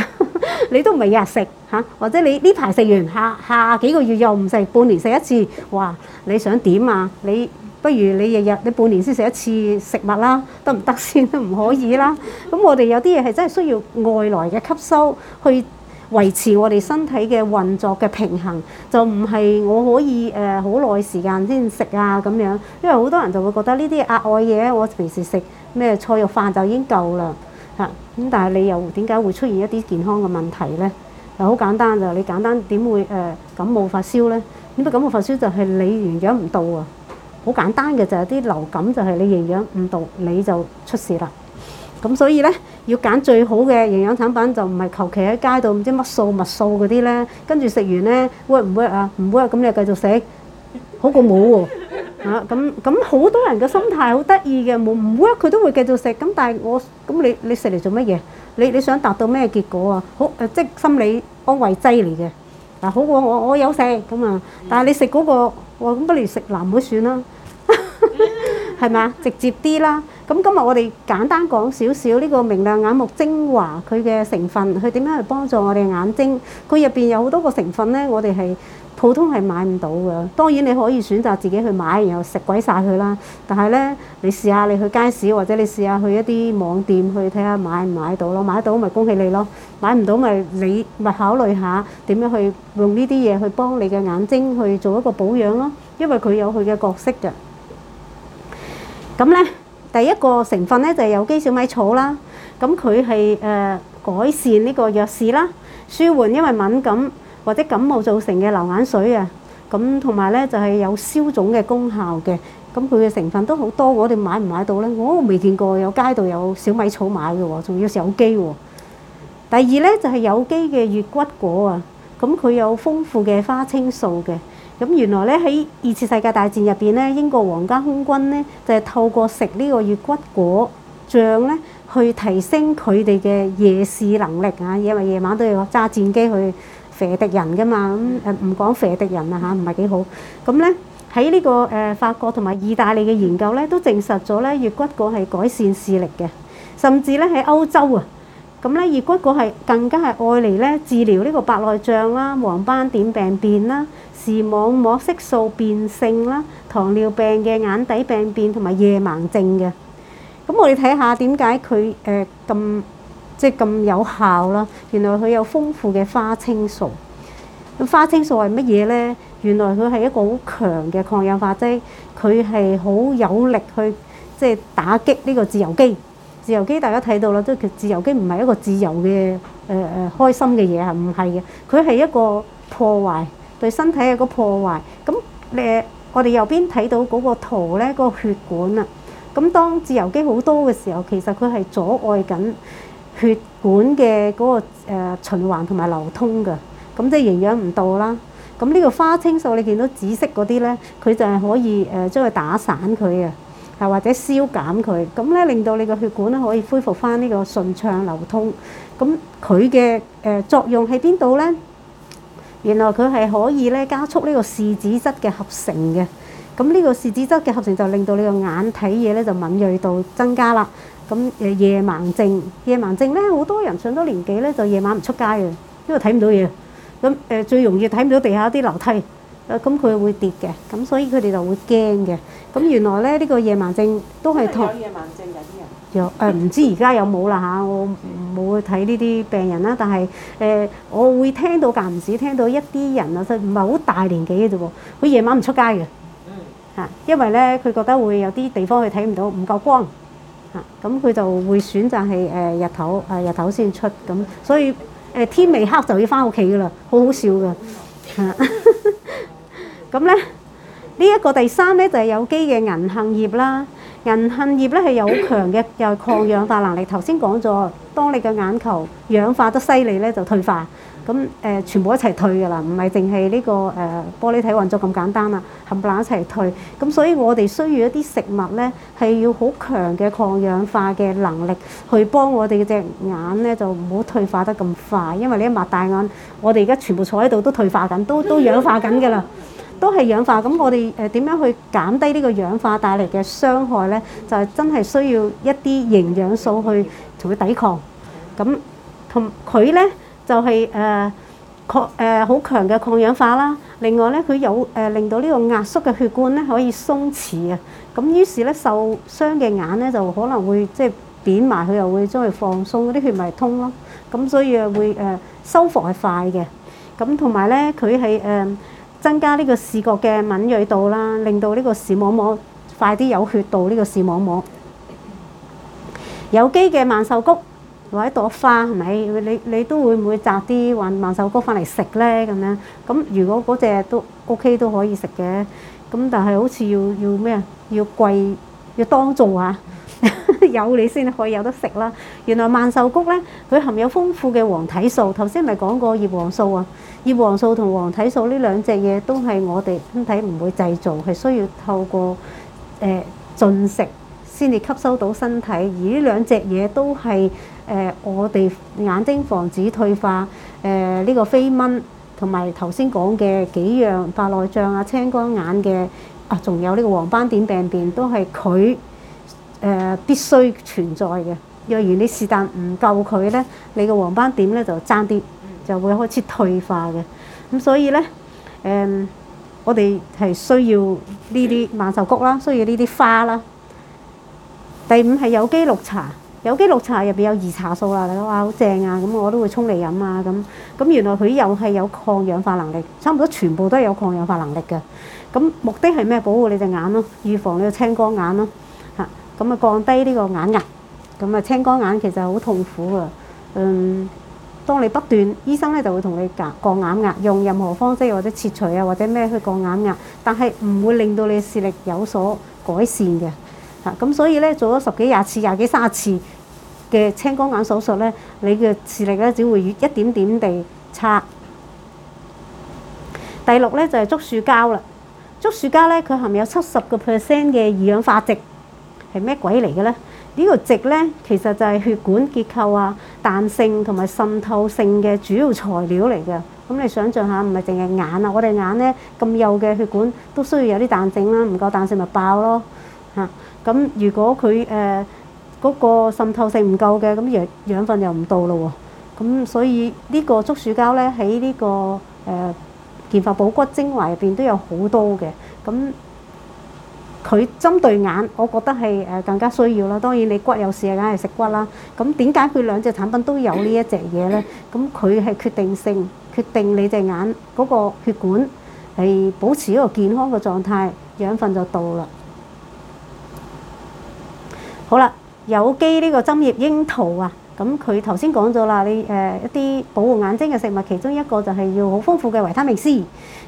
A: 你都唔係日日食嚇，或者你呢排食完下下幾個月又唔食，半年食一次，哇！你想點啊？你不如你日日你半年先食一次食物啦，得唔得先？都唔可以啦，咁我哋有啲嘢係真係需要外來嘅吸收去。維持我哋身體嘅運作嘅平衡，就唔係我可以誒好耐時間先食啊咁樣。因為好多人就會覺得呢啲額外嘢，我平時食咩菜肉飯就已經夠啦嚇。咁但係你又點解會出現一啲健康嘅問題呢？就好簡單就你簡單點會誒感冒發燒呢？點解感冒發燒就係你，你營養唔到啊！好簡單嘅就係啲流感就係你營養唔到你就出事啦。咁所以咧，要揀最好嘅營養產品就唔係求其喺街度唔知乜素物素嗰啲咧，跟住食完咧，work 唔 work 啊，唔 work 咁你又繼續食，好過冇喎啊！咁咁好多人嘅心態好得意嘅，冇唔 work 佢都會繼續食。咁但係我咁你你食嚟做乜嘢？你你想達到咩結果啊？好誒，即係心理安慰劑嚟嘅。嗱，好過我我有食咁啊，但係你食嗰個我咁不如食藍莓算啦，係咪啊？直接啲啦。咁今日我哋簡單講少少呢個明亮眼目精華，佢嘅成分，佢點樣去幫助我哋眼睛？佢入邊有好多個成分呢，我哋係普通係買唔到嘅。當然你可以選擇自己去買，然後食鬼晒佢啦。但係呢，你試下你去街市，或者你試下去一啲網店去睇下買唔買到咯。買到咪恭喜你咯，買唔到咪你咪考慮下點樣去用呢啲嘢去幫你嘅眼睛去做一個保養咯。因為佢有佢嘅角色嘅。咁呢。第一個成分咧就係有機小米草啦，咁佢係誒改善呢個弱視啦，舒緩因為敏感或者感冒造成嘅流眼水啊，咁同埋咧就係有消腫嘅功效嘅，咁佢嘅成分都好多，我哋買唔買到咧？我、哦、未見過有街度有小米草買嘅喎，仲要有機喎。第二咧就係有機嘅越橘果啊，咁佢有豐富嘅花青素嘅。咁原來咧喺二次世界大戰入邊咧，英國皇家空軍咧就係透過食呢個月骨果醬咧，去提升佢哋嘅夜視能力啊，因為夜晚都要揸戰機去射敵人噶嘛，咁誒，唔講射敵人啊，嚇，唔係幾好。咁咧喺呢個誒法國同埋意大利嘅研究咧，都證實咗咧月骨果係改善視力嘅，甚至咧喺歐洲啊。咁咧，如果果係更加係愛嚟咧治療呢個白內障啦、黃斑點病變啦、視網膜色素變性啦、糖尿病嘅眼底病變同埋夜盲症嘅。咁我哋睇下點解佢誒咁即係咁有效啦？原來佢有豐富嘅花青素。咁花青素係乜嘢咧？原來佢係一個好強嘅抗氧化劑，佢係好有力去即係打擊呢個自由基。自由基大家睇到啦，即係佢自由基唔係一個自由嘅誒誒開心嘅嘢，係唔係嘅？佢係一個破壞對身體嘅個破壞。咁誒，我哋右邊睇到嗰個圖咧，嗰個血管啊。咁當自由基好多嘅時候，其實佢係阻礙緊血管嘅嗰個循環同埋流通㗎。咁即係營養唔到啦。咁呢個花青素你見到紫色嗰啲咧，佢就係可以誒將佢打散佢啊。又或者消減佢，咁咧令到你個血管咧可以恢復翻呢個順暢流通。咁佢嘅誒作用喺邊度咧？原來佢係可以咧加速呢個視紫質嘅合成嘅。咁呢個視紫質嘅合成就令到你個眼睇嘢咧就敏銳度增加啦。咁誒夜盲症，夜盲症咧好多人上咗年紀咧就夜晚唔出街啊，因為睇唔到嘢。咁誒最容易睇唔到地下啲樓梯。誒咁佢會跌嘅，咁所以佢哋就會驚嘅。咁原來咧呢個夜盲症都係同有夜盲症有啲人有誒，唔知而家有冇啦吓，我冇去睇呢啲病人啦，但係誒，我會聽到間唔時聽到一啲人啊，即唔係好大年紀嘅啫喎，佢夜晚唔出街嘅嚇，因為咧佢覺得會有啲地方佢睇唔到，唔夠光嚇，咁佢就會選擇係誒日頭誒日頭先出咁，所以誒天未黑就要翻屋企噶啦，好好笑嘅嚇。嗯 *laughs* 咁咧，呢一個第三咧就係有機嘅銀杏葉啦。銀杏葉咧係有好強嘅，又係抗氧化能力。頭先講咗，當你嘅眼球氧化得犀利咧，就退化。咁誒，全部一齊退㗎啦，唔係淨係呢個誒玻璃體運作咁簡單啦，冚唪唥一齊退。咁所以我哋需要一啲食物咧，係要好強嘅抗氧化嘅能力，去幫我哋嘅隻眼咧就唔好退化得咁快。因為你一擘大眼，我哋而家全部坐喺度都退化緊，都都氧化緊㗎啦。都係氧化，咁我哋誒點樣去減低呢個氧化帶嚟嘅傷害呢？就係真係需要一啲營養素去同佢抵抗。咁同佢呢就係誒抗誒好強嘅抗氧化啦。另外呢，佢有誒令到呢個壓縮嘅血管呢可以鬆弛啊。咁於是呢，受傷嘅眼呢就可能會即係扁埋，佢又會將佢放鬆，嗰啲血咪通咯。咁所以誒會誒修復係快嘅。咁同埋呢，佢係誒。增加呢個視覺嘅敏鋭度啦，令到呢個視網膜快啲有血到呢個視網膜。有機嘅萬壽菊或一朵花，係咪？你你都會唔會摘啲萬萬壽菊翻嚟食咧？咁樣咁，如果嗰隻都 OK 都可以食嘅，咁但係好似要要咩？要貴要當做嚇啊。 *laughs* 有你先可以有得食啦。原來萬壽菊呢，佢含有豐富嘅黃體素。頭先咪講過葉黃素啊，葉黃素同黃體素呢兩隻嘢都係我哋身體唔會製造，係需要透過誒、呃、進食先至吸收到身體。而呢兩隻嘢都係誒、呃、我哋眼睛防止退化誒呢、呃這個飛蚊，同埋頭先講嘅幾樣白內障啊、青光眼嘅啊，仲有呢個黃斑點病變都係佢。誒必須存在嘅，若然你是但唔夠佢咧，你個黃斑點咧就爭啲就會開始退化嘅。咁所以咧，誒我哋係需要呢啲萬壽菊啦，需要呢啲花啦。第五係有機綠茶，有機綠茶入邊有兒茶素啦，你話好正啊！咁我都會沖嚟飲啊咁。咁原來佢又係有抗氧化能力，差唔多全部都係有抗氧化能力嘅。咁目的係咩？保護你隻眼咯，預防你個青光眼咯。咁啊，降低呢個眼壓，咁啊，青光眼其實好痛苦嘅。嗯，當你不斷，醫生咧就會同你降降眼壓，用任何方式或者切除啊或者咩去降眼壓，但係唔會令到你視力有所改善嘅。嚇、啊，咁所以咧做咗十幾廿次、廿幾三十次嘅青光眼手術咧，你嘅視力咧只會越一點點地差。第六咧就係竹樹膠啦，竹樹膠咧佢含有七十個 percent 嘅二氧化碳。係咩鬼嚟嘅咧？呢個直咧，其實就係血管結構啊、彈性同埋滲透性嘅主要材料嚟嘅。咁你想象下，唔係淨係眼啊，我哋眼咧咁幼嘅血管都需要有啲彈性啦，唔夠彈性咪爆咯嚇。咁如果佢誒嗰個滲透性唔夠嘅，咁養養分又唔到咯喎。咁所以呢個竹鼠膠咧，喺呢個誒健髮保骨精華入邊都有好多嘅。咁佢針對眼，我覺得係誒更加需要啦。當然你骨有事啊，梗係食骨啦。咁點解佢兩隻產品都有呢一隻嘢咧？咁佢係決定性決定你隻眼嗰個血管係保持一個健康嘅狀態，養分就到啦。好啦，有機呢個針葉櫻桃啊，咁佢頭先講咗啦，你誒一啲保護眼睛嘅食物，其中一個就係要好豐富嘅維他命 C。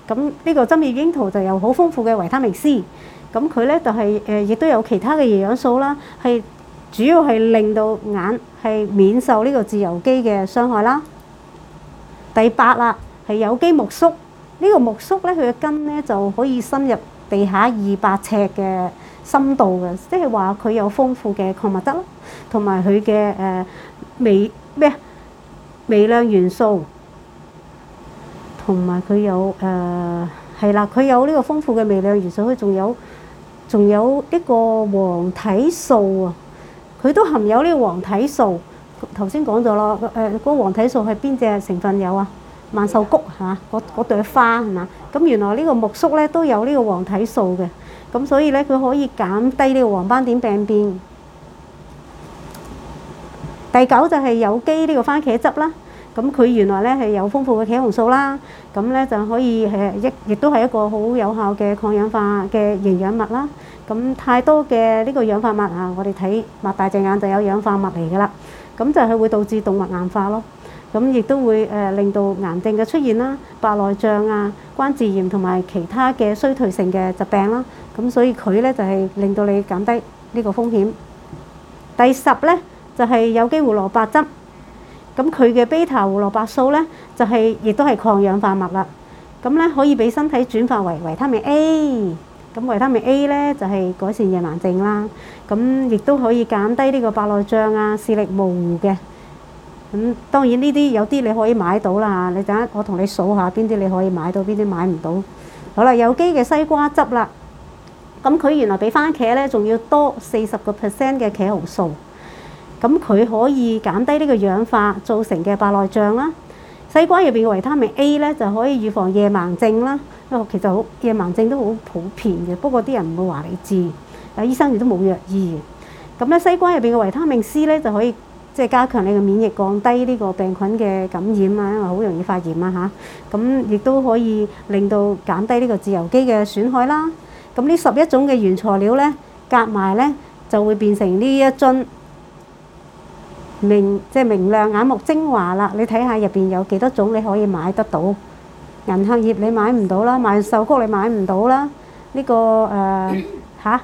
A: 咁呢個針葉櫻桃就有好豐富嘅維他命 C。咁佢咧就係誒，亦都有其他嘅營養素啦，係主要係令到眼係免受呢個自由基嘅傷害啦。第八啦，係有機苜蓿，呢個苜蓿咧，佢嘅根咧就可以深入地下二百尺嘅深度嘅，即係話佢有豐富嘅礦物質啦，同埋佢嘅誒微咩啊，微量元素，同埋佢有誒係啦，佢有呢個豐富嘅微量元素，佢仲有。仲有呢個黃體素啊，佢都含有呢個黃體素。頭先講咗咯，誒，嗰個黃體素係邊隻成分有啊？萬壽菊嚇，嗰嗰朵花係嘛？咁原來呢個苜蓿咧都有呢個黃體素嘅，咁所以咧佢可以減低呢個黃斑點病變。第九就係有機呢個番茄汁啦。咁佢原來咧係有豐富嘅茄紅素啦，咁咧就可以誒，一亦都係一個好有效嘅抗氧化嘅營養物啦。咁太多嘅呢個氧化物啊，我哋睇擘大隻眼就有氧化物嚟噶啦。咁就係會導致動脈硬化咯。咁亦都會誒，令到癌症嘅出現啦、白內障啊、關節炎同埋其他嘅衰退性嘅疾病啦。咁所以佢咧就係令到你減低呢個風險。第十咧就係有機胡蘿蔔汁。咁佢嘅 β- 胡蘿蔔素咧，就係亦都係抗氧化物啦。咁咧可以俾身體轉化為維他命 A。咁維他命 A 咧就係改善夜盲症啦。咁亦都可以減低呢個白內障啊、視力模糊嘅。咁當然呢啲有啲你可以買到啦嚇。你等下我同你數下邊啲你可以買到，邊啲買唔到。好啦，有機嘅西瓜汁啦。咁佢原來比番茄咧仲要多四十個 percent 嘅茄紅素。咁佢可以減低呢個氧化造成嘅白內障啦。西瓜入邊嘅維他命 A 咧就可以預防夜盲症啦。因其實好夜盲症都好普遍嘅，不過啲人唔會話你知，但係醫生亦都冇藥醫嘅。咁咧，西瓜入邊嘅維他命 C 咧就可以即係加強你嘅免疫，降低呢個病菌嘅感染啊，因為好容易發炎啊嚇。咁亦都可以令到減低呢個自由基嘅損害啦。咁呢十一種嘅原材料咧，夾埋咧就會變成呢一樽。明即係明亮、眼目精華啦！你睇下入邊有幾多種你可以買得到？銀杏葉你買唔到啦，萬壽菊你買唔到啦。呢個誒嚇，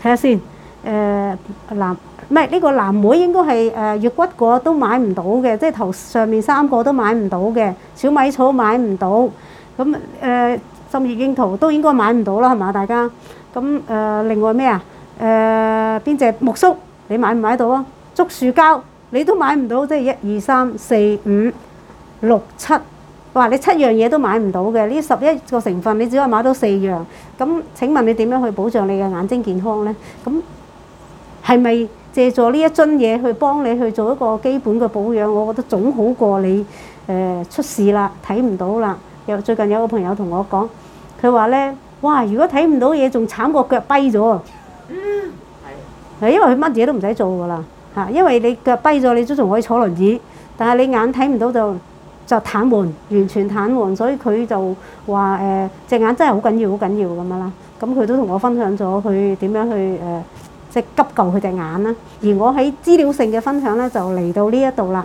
A: 睇下先，誒藍，唔係呢個藍莓，應該係誒月骨果都買唔到嘅，即係頭上面三個都買唔到嘅，小米草買唔到。咁誒針葉櫻桃都應該買唔到啦，係嘛？大家咁誒另外咩啊？誒邊隻苜蓿你買唔買到啊？竹樹膠？你都買唔到，即係一、二、三、四、五、六、七，哇！你七樣嘢都買唔到嘅，呢十一個成分你只可以買到四樣。咁請問你點樣去保障你嘅眼睛健康呢？咁係咪借助呢一樽嘢去幫你去做一個基本嘅保養？我覺得總好過你誒、呃、出事啦，睇唔到啦。又最近有個朋友同我講，佢話呢：「哇！如果睇唔到嘢，仲慘過腳跛咗。」嗯，係。因為佢乜嘢都唔使做噶啦。因為你腳跛咗，你都仲可以坐輪椅，但係你眼睇唔到就就癱瘓，完全癱瘓，所以佢就話誒隻眼真係好緊要，好緊要咁樣啦。咁佢都同我分享咗佢點樣去、呃、即係急救佢隻眼啦。而我喺資料性嘅分享咧，就嚟到呢一度啦。